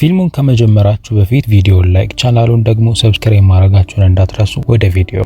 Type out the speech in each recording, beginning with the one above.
ፊልሙን ከመጀመራችሁ በፊት ቪዲዮውን ላይክ፣ ቻናሉን ደግሞ ሰብስክራይብ ማድረጋችሁን እንዳትረሱ። ወደ ቪዲዮ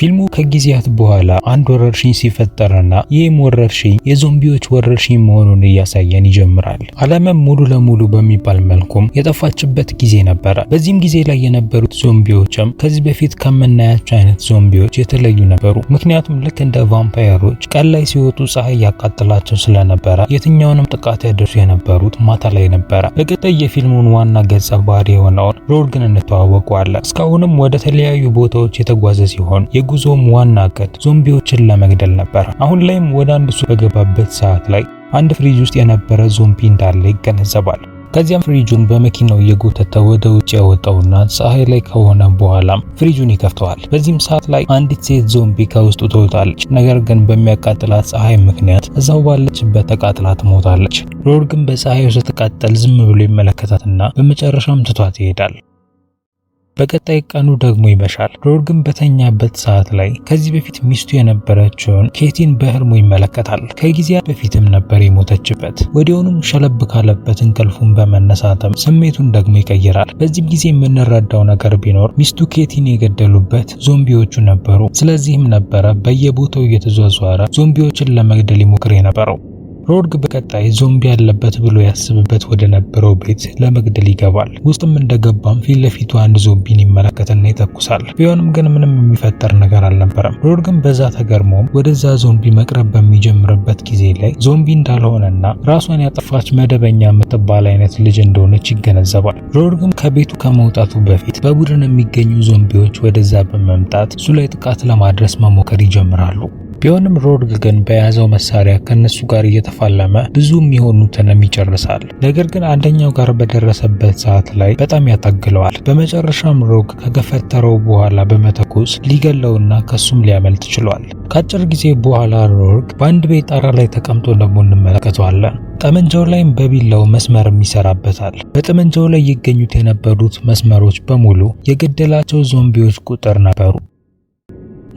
ፊልሙ ከጊዜያት በኋላ አንድ ወረርሽኝ ሲፈጠርና ይህም ወረርሽኝ የዞምቢዎች ወረርሽኝ መሆኑን እያሳየን ይጀምራል። ዓለምም ሙሉ ለሙሉ በሚባል መልኩም የጠፋችበት ጊዜ ነበረ። በዚህም ጊዜ ላይ የነበሩት ዞምቢዎችም ከዚህ በፊት ከምናያቸው አይነት ዞምቢዎች የተለዩ ነበሩ። ምክንያቱም ልክ እንደ ቫምፓየሮች ቀን ላይ ሲወጡ ፀሐይ ያቃጥላቸው ስለነበረ የትኛውንም ጥቃት ያደርሱ የነበሩት ማታ ላይ ነበረ። በቀጣይ የፊልሙን ዋና ገጸ ባህሪ የሆነውን ሮርግን እንተዋወቀዋለን። እስካሁንም ወደ ተለያዩ ቦታዎች የተጓዘ ሲሆን የጉዞም ዋና እቅድ ዞምቢዎችን ለመግደል ነበር። አሁን ላይም ወደ አንድ ሱቅ በገባበት ሰዓት ላይ አንድ ፍሪጅ ውስጥ የነበረ ዞምቢ እንዳለ ይገነዘባል። ከዚያም ፍሪጁን በመኪናው እየጎተተ ወደ ውጭ ያወጣውና ፀሐይ ላይ ከሆነ በኋላም ፍሪጁን ይከፍተዋል። በዚህም ሰዓት ላይ አንዲት ሴት ዞምቢ ከውስጡ ትወጣለች። ነገር ግን በሚያቃጥላት ፀሐይ ምክንያት እዛው ባለችበት ተቃጥላ ትሞታለች። ሮድ ግን በፀሐዩ ስትቃጠል ዝም ብሎ ይመለከታትና በመጨረሻም ትቷት ይሄዳል። በቀጣይ ቀኑ ደግሞ ይመሻል። ሮድ ግን በተኛበት ሰዓት ላይ ከዚህ በፊት ሚስቱ የነበረችውን ኬቲን በህልሙ ይመለከታል። ከጊዜያት በፊትም ነበር የሞተችበት። ወዲያውኑም ሸለብ ካለበት እንቅልፉን በመነሳትም ስሜቱን ደግሞ ይቀይራል። በዚህም ጊዜ የምንረዳው ነገር ቢኖር ሚስቱ ኬቲን የገደሉበት ዞምቢዎቹ ነበሩ። ስለዚህም ነበረ በየቦታው እየተዟዟረ ዞምቢዎችን ለመግደል ይሞክር የነበረው። ሮድግ በቀጣይ ዞምቢ ያለበት ብሎ ያስብበት ወደ ነበረው ቤት ለመግደል ይገባል። ውስጥም እንደገባም ፊት ለፊቱ አንድ ዞምቢን ይመለከትና ይተኩሳል። ቢሆንም ግን ምንም የሚፈጠር ነገር አልነበረም። ሮድግም በዛ ተገርሞም ወደዛ ዞምቢ መቅረብ በሚጀምርበት ጊዜ ላይ ዞምቢ እንዳልሆነና ራሷን ያጠፋች መደበኛ የምትባል አይነት ልጅ እንደሆነች ይገነዘባል። ሮድግም ከቤቱ ከመውጣቱ በፊት በቡድን የሚገኙ ዞምቢዎች ወደዛ በመምጣት እሱ ላይ ጥቃት ለማድረስ መሞከር ይጀምራሉ። ቢሆንም ሮድግ ግን በያዘው መሳሪያ ከነሱ ጋር እየተፋለመ ብዙ የሚሆኑትንም ይጨርሳል። ነገር ግን አንደኛው ጋር በደረሰበት ሰዓት ላይ በጣም ያታግለዋል። በመጨረሻም ሮግ ከገፈተረው በኋላ በመተኮስ ሊገለውና ከሱም ሊያመልጥ ችሏል። ከአጭር ጊዜ በኋላ ሮግ በአንድ ቤት ጣራ ላይ ተቀምጦ ደግሞ እንመለከተዋለን። ጠመንጃው ላይም በቢላው መስመርም ይሰራበታል። በጠመንጃው ላይ ይገኙት የነበሩት መስመሮች በሙሉ የገደላቸው ዞምቢዎች ቁጥር ነበሩ።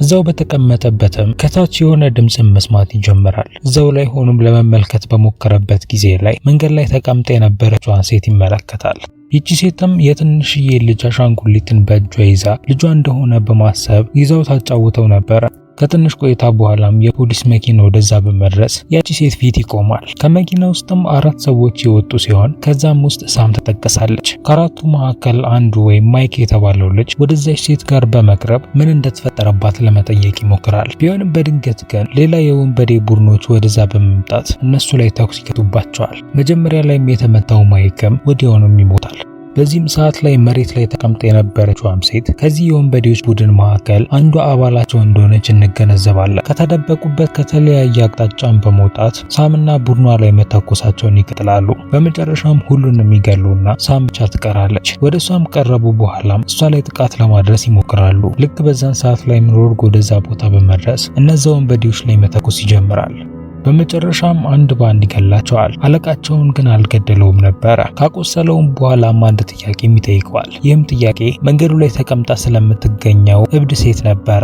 እዛው በተቀመጠበትም ከታች የሆነ ድምፅን መስማት ይጀምራል። እዛው ላይ ሆኖም ለመመልከት በሞከረበት ጊዜ ላይ መንገድ ላይ ተቀምጣ የነበረችዋን ሴት ይመለከታል። ይቺ ሴትም የትንሽዬ ልጅ አሻንጉሊትን በእጇ ይዛ ልጇ እንደሆነ በማሰብ ይዛው ታጫውተው ነበር። ከትንሽ ቆይታ በኋላም የፖሊስ መኪና ወደዛ በመድረስ ያቺ ሴት ፊት ይቆማል። ከመኪና ውስጥም አራት ሰዎች የወጡ ሲሆን ከዛም ውስጥ ሳም ትጠቀሳለች። ከአራቱ መካከል አንዱ ወይም ማይክ የተባለው ልጅ ወደዛች ሴት ጋር በመቅረብ ምን እንደተፈጠረባት ለመጠየቅ ይሞክራል። ቢሆንም በድንገት ግን ሌላ የወንበዴ ቡድኖች ወደዛ በመምጣት እነሱ ላይ ተኩስ ይከቱባቸዋል። መጀመሪያ ላይም የተመታው ማይክም ወዲያውኑም ይሞታል። በዚህም ሰዓት ላይ መሬት ላይ ተቀምጣ የነበረችዋም ሴት ከዚህ የወንበዴዎች ቡድን መካከል አንዷ አባላቸው እንደሆነች እንገነዘባለን። ከተደበቁበት ከተለያየ አቅጣጫን በመውጣት ሳምና ቡድኗ ላይ መተኮሳቸውን ይቀጥላሉ። በመጨረሻም ሁሉንም ይገሉና ሳም ብቻ ትቀራለች። ወደ እሷም ቀረቡ በኋላም እሷ ላይ ጥቃት ለማድረስ ይሞክራሉ። ልክ በዛን ሰዓት ላይ ምሮርግ ወደዛ ቦታ በመድረስ እነዛ ወንበዴዎች ላይ መተኮስ ይጀምራል። በመጨረሻም አንድ ባንድ ይገላቸዋል። አለቃቸውን ግን አልገደለውም ነበረ። ካቆሰለውም በኋላም አንድ ጥያቄም ይጠይቀዋል። ይህም ጥያቄ መንገዱ ላይ ተቀምጣ ስለምትገኘው እብድ ሴት ነበረ።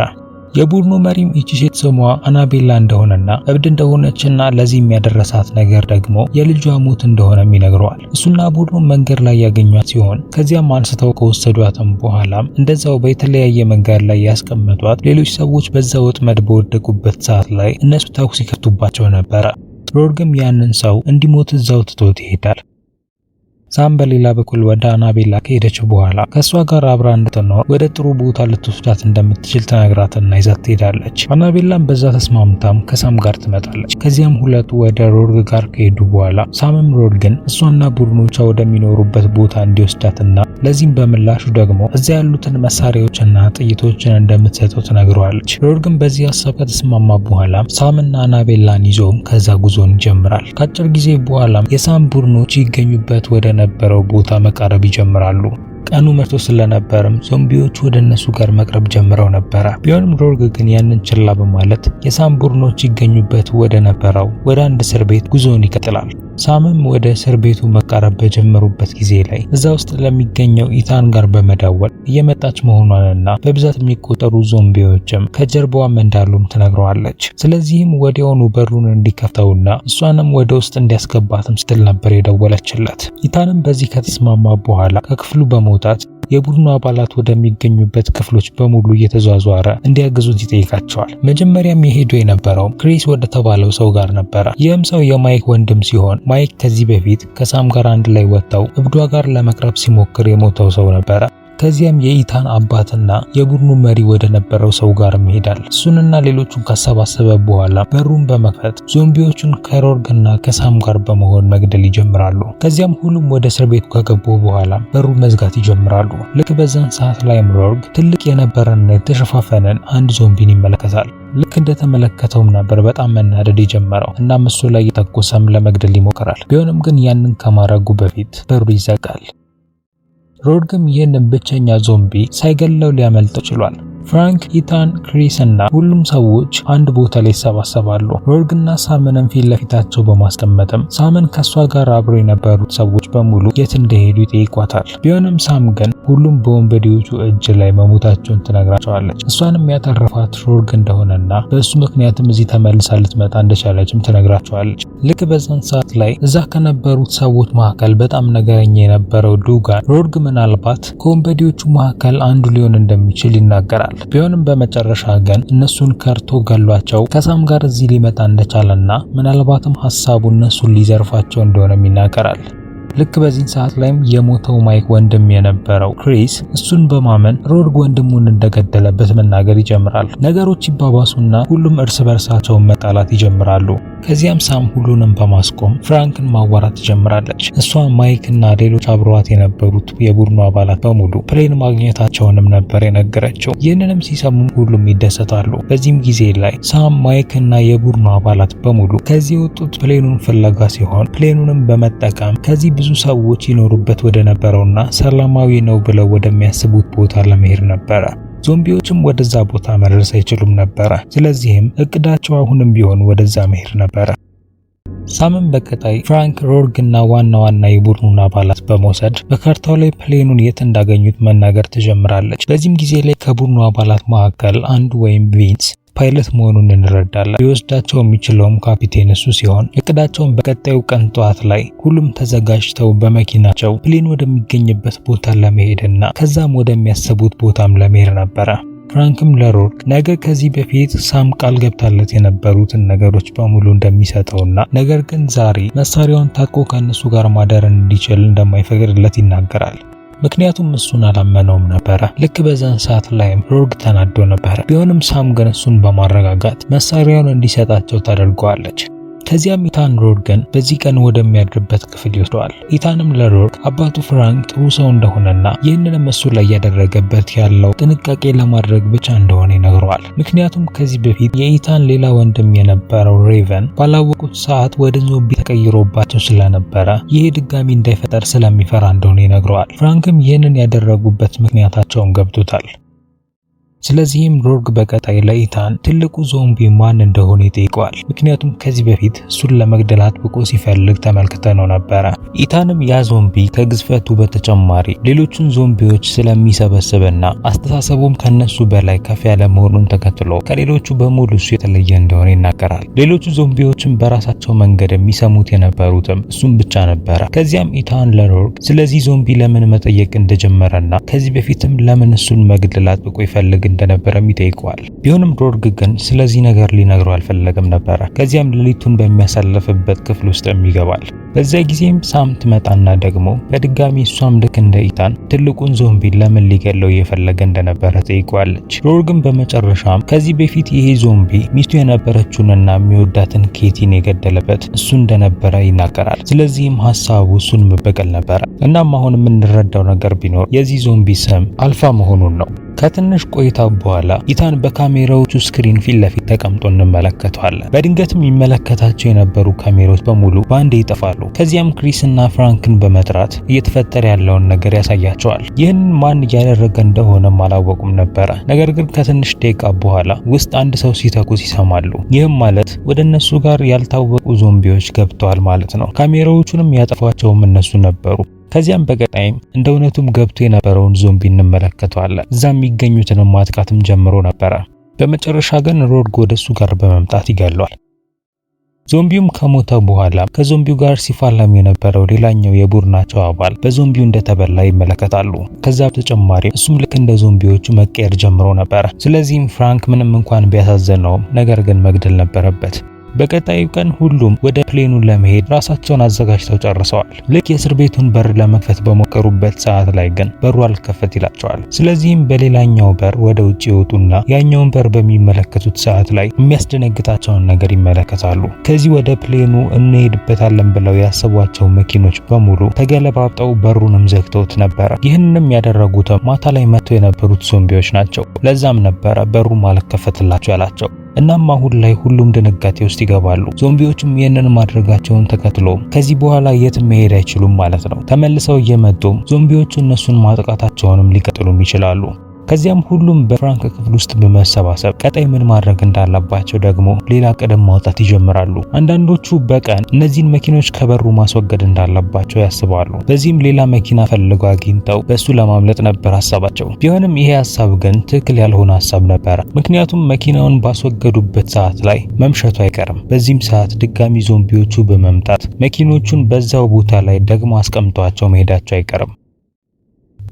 የቡድኑ መሪም ይቺ ሴት ስሟ አናቤላ እንደሆነና እብድ እንደሆነችና ለዚህ የሚያደረሳት ነገር ደግሞ የልጇ ሞት እንደሆነም ይነግረዋል። እሱና ቡድኑ መንገድ ላይ ያገኟት ሲሆን ከዚያም አንስተው ከወሰዷትም በኋላም እንደዛው በተለያየ መንገድ ላይ ያስቀመጧት ሌሎች ሰዎች በዛ ወጥመድ በወደቁበት ሰዓት ላይ እነሱ ተኩስ ይከፍቱባቸው ነበረ። ሮድግም ያንን ሰው እንዲሞት እዛው ትቶት ይሄዳል። ሳም በሌላ በኩል ወደ አናቤላ ከሄደች በኋላ ከእሷ ጋር አብራ እንድትኖር ወደ ጥሩ ቦታ ልትወስዳት እንደምትችል ተነግራትና ይዛት ትሄዳለች። አናቤላም በዛ ተስማምታም ከሳም ጋር ትመጣለች። ከዚያም ሁለቱ ወደ ሮርግ ጋር ከሄዱ በኋላ ሳምም ሮርግን እሷና ቡድኖቿ ወደሚኖሩበት ቦታ እንዲወስዳትና ለዚህም በምላሹ ደግሞ እዚያ ያሉትን መሳሪያዎችና ጥይቶችን እንደምትሰጠው ትነግረዋለች። ሮድ ግን በዚህ ሀሳብ ከተስማማ በኋላ ሳምና አናቤላን ይዞም ከዛ ጉዞን ይጀምራል። ከአጭር ጊዜ በኋላም የሳም ቡድኖች ይገኙበት ወደ ነበረው ቦታ መቃረብ ይጀምራሉ። ቀኑ መሽቶ ስለነበርም ዞምቢዎቹ ወደ እነሱ ጋር መቅረብ ጀምረው ነበረ። ቢሆንም ሮርግ ግን ያንን ችላ በማለት የሳም ቡድኖች ይገኙበት ወደ ነበረው ወደ አንድ እስር ቤት ጉዞውን ይቀጥላል። ሳምም ወደ እስር ቤቱ መቃረብ በጀመሩበት ጊዜ ላይ እዛ ውስጥ ለሚገኘው ኢታን ጋር በመዳወል እየመጣች መሆኗንና በብዛት የሚቆጠሩ ዞምቢዎችም ከጀርባዋም እንዳሉም ትነግረዋለች። ስለዚህም ወዲያውኑ በሩን እንዲከፍተውና እሷንም ወደ ውስጥ እንዲያስገባትም ስትል ነበር የደወለችለት። ኢታንም በዚህ ከተስማማ በኋላ ከክፍሉ በመውጣት የቡድኑ አባላት ወደሚገኙበት ክፍሎች በሙሉ እየተዟዟረ እንዲያግዙት ይጠይቃቸዋል። መጀመሪያም የሄዱ የነበረው ክሪስ ወደ ተባለው ሰው ጋር ነበረ። ይህም ሰው የማይክ ወንድም ሲሆን ማይክ ከዚህ በፊት ከሳም ጋር አንድ ላይ ወጥተው እብዷ ጋር ለመቅረብ ሲሞክር የሞተው ሰው ነበረ። ከዚያም የኢታን አባትና የቡድኑ መሪ ወደ ነበረው ሰው ጋር ይሄዳል። እሱንና ሌሎቹን ካሰባሰበ በኋላ በሩን በመክፈት ዞምቢዎቹን ከሮርግና ከሳም ጋር በመሆን መግደል ይጀምራሉ። ከዚያም ሁሉም ወደ እስር ቤቱ ከገቡ በኋላ በሩ መዝጋት ይጀምራሉ። ልክ በዛን ሰዓት ላይም ሮርግ ትልቅ የነበረና የተሸፋፈነን አንድ ዞምቢን ይመለከታል። ልክ እንደተመለከተውም ነበር በጣም መናደድ የጀመረው እና ምሱ ላይ የተኮሰም ለመግደል ይሞክራል። ቢሆንም ግን ያንን ከማድረጉ በፊት በሩ ይዘጋል። ሮድግም ይህንን ብቸኛ ዞምቢ ሳይገለው ሊያመልጥ ችሏል። ፍራንክ፣ ኢታን፣ ክሪስ እና ሁሉም ሰዎች አንድ ቦታ ላይ ይሰባሰባሉ። ሮርግና ሳመንን ፊት ለፊታቸው በማስቀመጥም ሳመን ከእሷ ጋር አብሮ የነበሩት ሰዎች በሙሉ የት እንደሄዱ ይጠይቋታል። ቢሆንም ሳም ግን ሁሉም በወንበዴዎቹ እጅ ላይ መሞታቸውን ትነግራቸዋለች። እሷንም ያተረፋት ሮርግ እንደሆነና በእሱ ምክንያትም እዚህ ተመልሳ ልትመጣ እንደቻለችም ትነግራቸዋለች። ልክ በዛን ሰዓት ላይ እዛ ከነበሩት ሰዎች መካከል በጣም ነገረኛ የነበረው ዱጋን ሮርግ ምናልባት ከወንበዴዎቹ መካከል አንዱ ሊሆን እንደሚችል ይናገራል። ይሆናል። ቢሆንም በመጨረሻ ግን እነሱን ከርቶ ገሏቸው ከሳም ጋር እዚህ ሊመጣ እንደቻለና ምናልባትም ሀሳቡ እነሱን ሊዘርፋቸው እንደሆነም ይናገራል። ልክ በዚህን ሰዓት ላይም የሞተው ማይክ ወንድም የነበረው ክሪስ እሱን በማመን ሮድግ ወንድሙን እንደገደለበት መናገር ይጀምራል። ነገሮች ይባባሱና ሁሉም እርስ በርሳቸውን መጣላት ይጀምራሉ። ከዚያም ሳም ሁሉንም በማስቆም ፍራንክን ማዋራት ትጀምራለች። እሷ ማይክ እና ሌሎች አብረዋት የነበሩት የቡድኑ አባላት በሙሉ ፕሌን ማግኘታቸውንም ነበር የነገረችው። ይህንንም ሲሰሙ ሁሉም ይደሰታሉ። በዚህም ጊዜ ላይ ሳም ማይክ እና የቡድኑ አባላት በሙሉ ከዚህ የወጡት ፕሌኑን ፍለጋ ሲሆን ፕሌኑንም በመጠቀም ከዚህ ብዙ ሰዎች ይኖሩበት ወደ ነበረውና ሰላማዊ ነው ብለው ወደሚያስቡት ቦታ ለመሄድ ነበረ። ዞምቢዎችም ወደዛ ቦታ መድረስ አይችሉም ነበረ። ስለዚህም እቅዳቸው አሁንም ቢሆን ወደዛ መሄድ ነበረ። ሳምን በቀጣይ ፍራንክ ሮርግ እና ዋና ዋና የቡድኑን አባላት በመውሰድ በካርታው ላይ ፕሌኑን የት እንዳገኙት መናገር ትጀምራለች። በዚህም ጊዜ ላይ ከቡድኑ አባላት መካከል አንዱ ወይም ቪንስ ፓይለት መሆኑን እንረዳለን። ሊወስዳቸው የሚችለውም ካፒቴን እሱ ሲሆን እቅዳቸውን በቀጣዩ ቀን ጠዋት ላይ ሁሉም ተዘጋጅተው በመኪናቸው ፕሌን ወደሚገኝበት ቦታ ለመሄድና ከዛም ወደሚያስቡት ቦታም ለመሄድ ነበረ። ፍራንክም ለሮርክ ነገ ከዚህ በፊት ሳም ቃል ገብታለት የነበሩትን ነገሮች በሙሉ እንደሚሰጠውና ነገር ግን ዛሬ መሳሪያውን ታጥቆ ከእነሱ ጋር ማደር እንዲችል እንደማይፈቅድለት ይናገራል። ምክንያቱም እሱን አላመነውም ነበረ። ልክ በዛን ሰዓት ላይ ሮርግ ተናዶ ነበረ። ቢሆንም ሳም ግን እሱን በማረጋጋት መሳሪያውን እንዲሰጣቸው ታደርገዋለች። ከዚያም ኢታን ሮርገን በዚህ ቀን ወደሚያድርበት ክፍል ይወስደዋል። ኢታንም ለሮድ አባቱ ፍራንክ ጥሩ ሰው እንደሆነና ይህንንም እሱ ላይ ያደረገበት ያለው ጥንቃቄ ለማድረግ ብቻ እንደሆነ ይነግረዋል። ምክንያቱም ከዚህ በፊት የኢታን ሌላ ወንድም የነበረው ሬቨን ባላወቁት ሰዓት ወደ ዞምቢ ተቀይሮባቸው ስለነበረ ይሄ ድጋሚ እንዳይፈጠር ስለሚፈራ እንደሆነ ይነግረዋል። ፍራንክም ይህንን ያደረጉበት ምክንያታቸውን ገብቶታል። ስለዚህም ሮርግ በቀጣይ ለኢታን ትልቁ ዞምቢ ማን እንደሆነ ይጠይቀዋል። ምክንያቱም ከዚህ በፊት እሱን ለመግደል አጥብቆ ሲፈልግ ተመልክተ ነው ነበረ። ኢታንም ያ ዞምቢ ከግዝፈቱ በተጨማሪ ሌሎችን ዞምቢዎች ስለሚሰበስብና አስተሳሰቡም ከነሱ በላይ ከፍ ያለ መሆኑን ተከትሎ ከሌሎቹ በሙሉ እሱ የተለየ እንደሆነ ይናገራል። ሌሎቹ ዞምቢዎችም በራሳቸው መንገድ የሚሰሙት የነበሩትም እሱም ብቻ ነበረ። ከዚያም ኢታን ለሮርግ ስለዚህ ዞምቢ ለምን መጠየቅ እንደጀመረና ከዚህ በፊትም ለምን እሱን መግደል አጥብቆ ይፈልግ እንደነበረም ይጠይቀዋል። ቢሆንም ዶርግ ግን ስለዚህ ነገር ሊነግረው አልፈለገም ነበረ። ከዚያም ሌሊቱን በሚያሳልፍበት ክፍል ውስጥም ይገባል። በዚያ ጊዜም ሳም ትመጣና ደግሞ በድጋሚ እሷም ልክ እንደ ኢታን ትልቁን ዞምቢ ለምን ሊገለው እየፈለገ እንደነበረ ጠይቋለች። ዶርግም በመጨረሻም ከዚህ በፊት ይሄ ዞምቢ ሚስቱ የነበረችውንና የሚወዳትን ኬቲን የገደለበት እሱ እንደነበረ ይናገራል። ስለዚህም ሀሳቡ እሱን መበቀል ነበረ። እናም አሁን የምንረዳው ነገር ቢኖር የዚህ ዞምቢ ስም አልፋ መሆኑን ነው። ከትንሽ ቆይታ በኋላ ኢታን በካሜራዎቹ ስክሪን ፊት ለፊት ተቀምጦ እንመለከተዋለን። በድንገትም ይመለከታቸው የነበሩ ካሜራዎች በሙሉ በአንዴ ይጠፋሉ። ከዚያም ክሪስ እና ፍራንክን በመጥራት እየተፈጠረ ያለውን ነገር ያሳያቸዋል። ይህንን ማን እያደረገ እንደሆነም አላወቁም ነበረ። ነገር ግን ከትንሽ ደቂቃ በኋላ ውስጥ አንድ ሰው ሲተኩስ ይሰማሉ። ይህም ማለት ወደ እነሱ ጋር ያልታወቁ ዞምቢዎች ገብተዋል ማለት ነው። ካሜራዎቹንም ያጠፏቸውም እነሱ ነበሩ። ከዚያም በቀጣይም እንደ እውነቱም ገብቶ የነበረውን ዞምቢ እንመለከተዋለን። እዛ የሚገኙትን ማጥቃትም ጀምሮ ነበረ። በመጨረሻ ግን ሮድግ ወደ እሱ ጋር በመምጣት ይገሏል። ዞምቢውም ከሞተ በኋላ ከዞምቢው ጋር ሲፋለም የነበረው ሌላኛው የቡድናቸው አባል በዞምቢው እንደተበላ ይመለከታሉ። ከዛ በተጨማሪ እሱም ልክ እንደ ዞምቢዎቹ መቀየር ጀምሮ ነበር። ስለዚህም ፍራንክ ምንም እንኳን ቢያሳዘነውም ነገር ግን መግደል ነበረበት። በቀጣዩ ቀን ሁሉም ወደ ፕሌኑ ለመሄድ ራሳቸውን አዘጋጅተው ጨርሰዋል። ልክ የእስር ቤቱን በር ለመክፈት በሞከሩበት ሰዓት ላይ ግን በሩ አልከፈት ይላቸዋል። ስለዚህም በሌላኛው በር ወደ ውጭ ይወጡና ያኛውን በር በሚመለከቱት ሰዓት ላይ የሚያስደነግጣቸውን ነገር ይመለከታሉ። ከዚህ ወደ ፕሌኑ እንሄድበታለን ብለው ያሰቧቸው መኪኖች በሙሉ ተገለባብጠው በሩንም ዘግተውት ነበረ። ይህንንም ያደረጉትም ማታ ላይ መጥተው የነበሩት ዞምቢዎች ናቸው። ለዛም ነበረ በሩም አልከፈትላቸው ያላቸው። እናም አሁን ላይ ሁሉም ድንጋጤ ውስጥ ይገባሉ። ዞምቢዎችም ይህንን ማድረጋቸውን ተከትሎ ከዚህ በኋላ የት መሄድ አይችሉም ማለት ነው። ተመልሰው እየመጡም ዞምቢዎቹ እነሱን ማጥቃታቸውንም ሊቀጥሉም ይችላሉ። ከዚያም ሁሉም በፍራንክ ክፍል ውስጥ በመሰባሰብ ቀጣይ ምን ማድረግ እንዳለባቸው ደግሞ ሌላ ቅደም ማውጣት ይጀምራሉ። አንዳንዶቹ በቀን እነዚህን መኪኖች ከበሩ ማስወገድ እንዳለባቸው ያስባሉ። በዚህም ሌላ መኪና ፈልጎ አግኝተው በሱ ለማምለጥ ነበር ሀሳባቸው። ቢሆንም ይሄ ሀሳብ ግን ትክክል ያልሆነ ሀሳብ ነበረ። ምክንያቱም መኪናውን ባስወገዱበት ሰዓት ላይ መምሸቱ አይቀርም። በዚህም ሰዓት ድጋሚ ዞምቢዎቹ በመምጣት መኪኖቹን በዛው ቦታ ላይ ደግሞ አስቀምጧቸው መሄዳቸው አይቀርም።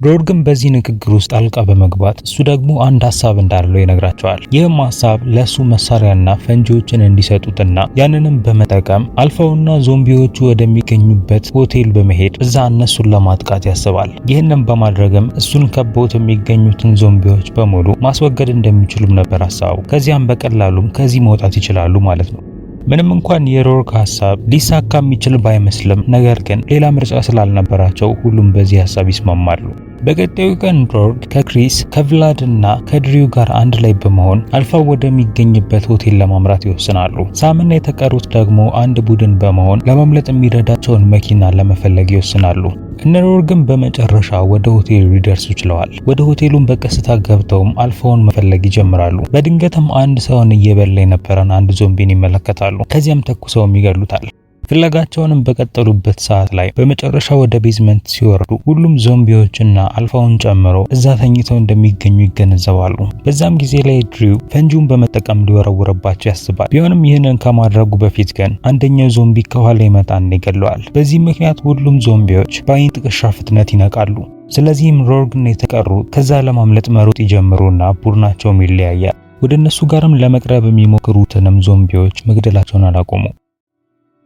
ዶር ግን በዚህ ንግግር ውስጥ ጣልቃ በመግባት እሱ ደግሞ አንድ ሀሳብ እንዳለው ይነግራቸዋል። ይህም ሀሳብ ለእሱ መሳሪያና ፈንጂዎችን እንዲሰጡትና ያንንም በመጠቀም አልፋውና ዞምቢዎቹ ወደሚገኙበት ሆቴል በመሄድ እዛ እነሱን ለማጥቃት ያስባል። ይህንም በማድረግም እሱን ከበውት የሚገኙትን ዞምቢዎች በሙሉ ማስወገድ እንደሚችሉም ነበር ሀሳቡ። ከዚያም በቀላሉም ከዚህ መውጣት ይችላሉ ማለት ነው። ምንም እንኳን የሮርክ ሀሳብ ሊሳካ የሚችል ባይመስልም፣ ነገር ግን ሌላ ምርጫ ስላልነበራቸው ሁሉም በዚህ ሀሳብ ይስማማሉ። በቀጣዩ ቀን ሮርድ ከክሪስ ከቭላድ እና ከድሪው ጋር አንድ ላይ በመሆን አልፋ ወደሚገኝበት ሆቴል ለማምራት ይወስናሉ። ሳምና የተቀሩት ደግሞ አንድ ቡድን በመሆን ለመምለጥ የሚረዳቸውን መኪና ለመፈለግ ይወስናሉ። እነ ሮር ግን በመጨረሻ ወደ ሆቴሉ ሊደርሱ ችለዋል። ወደ ሆቴሉን በቀስታ ገብተውም አልፋውን መፈለግ ይጀምራሉ። በድንገትም አንድ ሰውን እየበላ የነበረን አንድ ዞምቢን ይመለከታሉ። ከዚያም ተኩሰውም ይገሉታል። ፍለጋቸውንም በቀጠሉበት ሰዓት ላይ በመጨረሻ ወደ ቤዝመንት ሲወርዱ ሁሉም ዞምቢዎችና አልፋውን ጨምሮ እዛ ተኝተው እንደሚገኙ ይገነዘባሉ። በዛም ጊዜ ላይ ድሪው ፈንጂውን በመጠቀም ሊወረውረባቸው ያስባል። ቢሆንም ይህንን ከማድረጉ በፊት ግን አንደኛው ዞምቢ ከኋላ ይመጣና ይገለዋል። በዚህ ምክንያት ሁሉም ዞምቢዎች በአይን ጥቅሻ ፍጥነት ይነቃሉ። ስለዚህም ሮርግና የተቀሩት ከዛ ለማምለጥ መሮጥ ይጀምሩና ቡድናቸውም ይለያያል። ወደ እነሱ ጋርም ለመቅረብ የሚሞክሩትንም ዞምቢዎች መግደላቸውን አላቆሙ።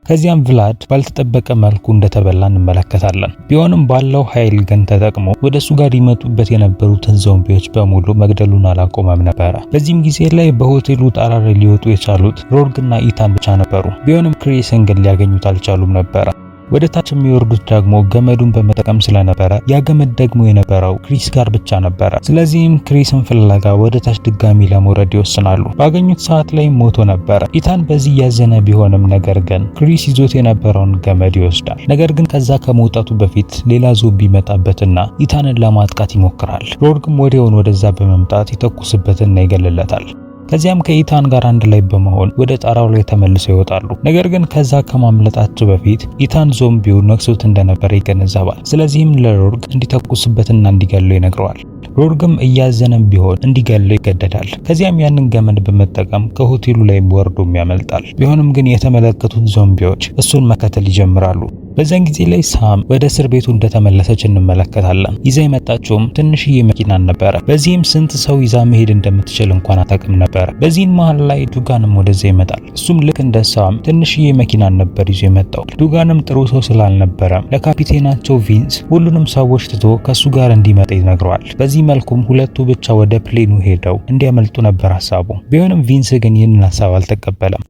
ከዚያም ቭላድ ባልተጠበቀ መልኩ እንደተበላ እንመለከታለን። ቢሆንም ባለው ኃይል ግን ተጠቅሞ ወደ እሱ ጋር ይመጡበት የነበሩትን ዞምቢዎች በሙሉ መግደሉን አላቆመም ነበረ። በዚህም ጊዜ ላይ በሆቴሉ ጣራ ላይ ሊወጡ የቻሉት ሮርግና ኢታን ብቻ ነበሩ። ቢሆንም ክሪስን ግን ሊያገኙት አልቻሉም ነበረ። ወደ ታች የሚወርዱት ደግሞ ገመዱን በመጠቀም ስለነበረ ያ ገመድ ደግሞ የነበረው ክሪስ ጋር ብቻ ነበረ። ስለዚህም ክሪስን ፍለጋ ወደ ታች ድጋሚ ለመውረድ ይወስናሉ። ባገኙት ሰዓት ላይ ሞቶ ነበረ። ኢታን በዚህ ያዘነ ቢሆንም ነገር ግን ክሪስ ይዞት የነበረውን ገመድ ይወስዳል። ነገር ግን ከዛ ከመውጣቱ በፊት ሌላ ዞምቢ ይመጣበትና ኢታንን ለማጥቃት ይሞክራል። ሮድግም ወዲያውን ወደዛ በመምጣት ይተኩስበትና ይገልለታል። ከዚያም ከኢታን ጋር አንድ ላይ በመሆን ወደ ጣራው ላይ ተመልሰው ይወጣሉ። ነገር ግን ከዛ ከማምለጣቸው በፊት ኢታን ዞምቢው ነክሶት እንደነበረ ይገነዘባል። ስለዚህም ለሮርግ እንዲተኩስበትና እንዲገለው ይነግረዋል። ሮርግም እያዘነም ቢሆን እንዲገለው ይገደዳል። ከዚያም ያንን ገመድ በመጠቀም ከሆቴሉ ላይ ወርዶም ያመልጣል። ቢሆንም ግን የተመለከቱት ዞምቢዎች እሱን መከተል ይጀምራሉ። በዚያን ጊዜ ላይ ሳም ወደ እስር ቤቱ እንደተመለሰች እንመለከታለን። ይዛ የመጣችውም ትንሽዬ መኪናን ነበረ። በዚህም ስንት ሰው ይዛ መሄድ እንደምትችል እንኳን አታውቅም ነበረ። በዚህን መሀል ላይ ዱጋንም ወደዛ ይመጣል። እሱም ልክ እንደ ሳም ትንሽዬ መኪናን ነበር ይዞ የመጣው። ዱጋንም ጥሩ ሰው ስላልነበረ ለካፒቴናቸው ቪንስ ሁሉንም ሰዎች ትቶ ከሱ ጋር እንዲመጣ ይነግረዋል። በዚህ መልኩም ሁለቱ ብቻ ወደ ፕሌኑ ሄደው እንዲያመልጡ ነበር ሀሳቡ። ቢሆንም ቪንስ ግን ይህንን ሀሳብ አልተቀበለም።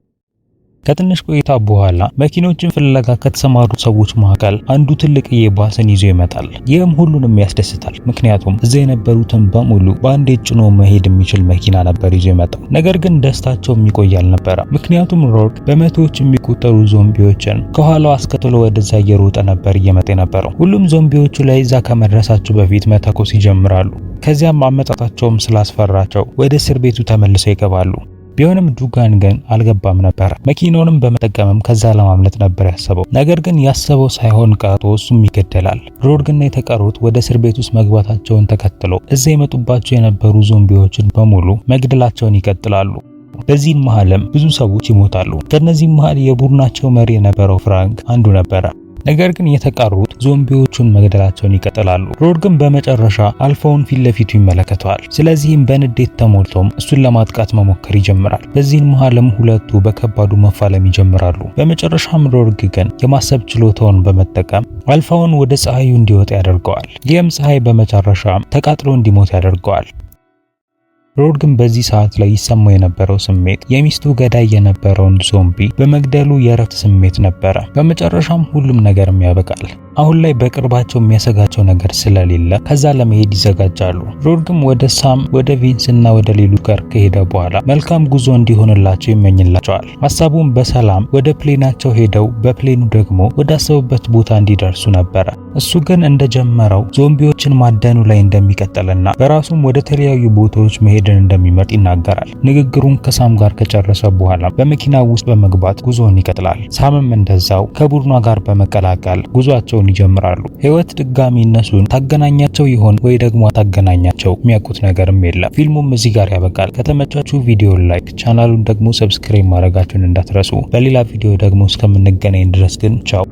ከትንሽ ቆይታ በኋላ መኪኖችን ፍለጋ ከተሰማሩ ሰዎች መካከል አንዱ ትልቅዬ ባስን ይዞ ይመጣል። ይህም ሁሉንም ያስደስታል። ምክንያቱም እዚያ የነበሩትን በሙሉ በአንዴ ጭኖ መሄድ የሚችል መኪና ነበር ይዞ ይመጣው ነገር ግን ደስታቸው የሚቆይ አልነበረ። ምክንያቱም ሮክ በመቶዎች የሚቆጠሩ ዞምቢዎችን ከኋላው አስከትሎ ወደዛ እየሮጠ ነበር እየመጣ የነበረው። ሁሉም ዞምቢዎቹ ላይ እዛ ከመድረሳቸው በፊት መተኮስ ይጀምራሉ። ከዚያም አመጣጣቸውም ስላስፈራቸው ወደ እስር ቤቱ ተመልሰው ይገባሉ። ቢሆንም ዱጋን ግን አልገባም ነበር። መኪናውንም በመጠቀምም ከዛ ለማምለጥ ነበር ያሰበው። ነገር ግን ያሰበው ሳይሆን ቀርቶ እሱም ይገደላል። ሮድግና የተቀሩት ወደ እስር ቤት ውስጥ መግባታቸውን ተከትሎ እዛ የመጡባቸው የነበሩ ዞምቢዎችን በሙሉ መግደላቸውን ይቀጥላሉ። በዚህም መሃልም ብዙ ሰዎች ይሞታሉ። ከነዚህም መሃል የቡድናቸው መሪ የነበረው ፍራንክ አንዱ ነበረ። ነገር ግን የተቀሩት ዞምቢዎቹን መግደላቸውን ይቀጥላሉ። ሮድ ግን በመጨረሻ አልፋውን ፊት ለፊቱ ይመለከተዋል። ስለዚህም በንዴት ተሞልቶም እሱን ለማጥቃት መሞከር ይጀምራል። በዚህም መሃልም ሁለቱ በከባዱ መፋለም ይጀምራሉ። በመጨረሻም ሮርግ ግን የማሰብ ችሎታውን በመጠቀም አልፋውን ወደ ፀሐዩ እንዲወጣ ያደርገዋል። ይህም ፀሐይ በመጨረሻም ተቃጥሎ እንዲሞት ያደርገዋል። ሮድ ግን በዚህ ሰዓት ላይ ይሰማው የነበረው ስሜት የሚስቱ ገዳይ የነበረውን ዞምቢ በመግደሉ የእረፍት ስሜት ነበረ። በመጨረሻም ሁሉም ነገርም ያበቃል። አሁን ላይ በቅርባቸው የሚያሰጋቸው ነገር ስለሌለ ከዛ ለመሄድ ይዘጋጃሉ። ሮድ ወደ ሳም፣ ወደ ቪንስ እና ወደ ሌሎች ጋር ከሄደ በኋላ መልካም ጉዞ እንዲሆንላቸው ይመኝላቸዋል። ሀሳቡም በሰላም ወደ ፕሌናቸው ሄደው በፕሌኑ ደግሞ ወዳሰቡበት ቦታ እንዲደርሱ ነበረ። እሱ ግን እንደጀመረው ዞምቢዎችን ማደኑ ላይ እንደሚቀጥልና በራሱም ወደ ተለያዩ ቦታዎች መሄድን እንደሚመርጥ ይናገራል። ንግግሩን ከሳም ጋር ከጨረሰ በኋላ በመኪና ውስጥ በመግባት ጉዞውን ይቀጥላል። ሳምም እንደዛው ከቡድኗ ጋር በመቀላቀል ጉዟቸውን መኖሩን ይጀምራሉ። ህይወት ድጋሚ እነሱን ታገናኛቸው ይሆን ወይ ደግሞ ታገናኛቸው? የሚያውቁት ነገርም የለም። ፊልሙም እዚህ ጋር ያበቃል። ከተመቻችሁ ቪዲዮ ላይክ፣ ቻናሉን ደግሞ ሰብስክራይብ ማድረጋችሁን እንዳትረሱ። በሌላ ቪዲዮ ደግሞ እስከምንገናኝ ድረስ ግን ቻው።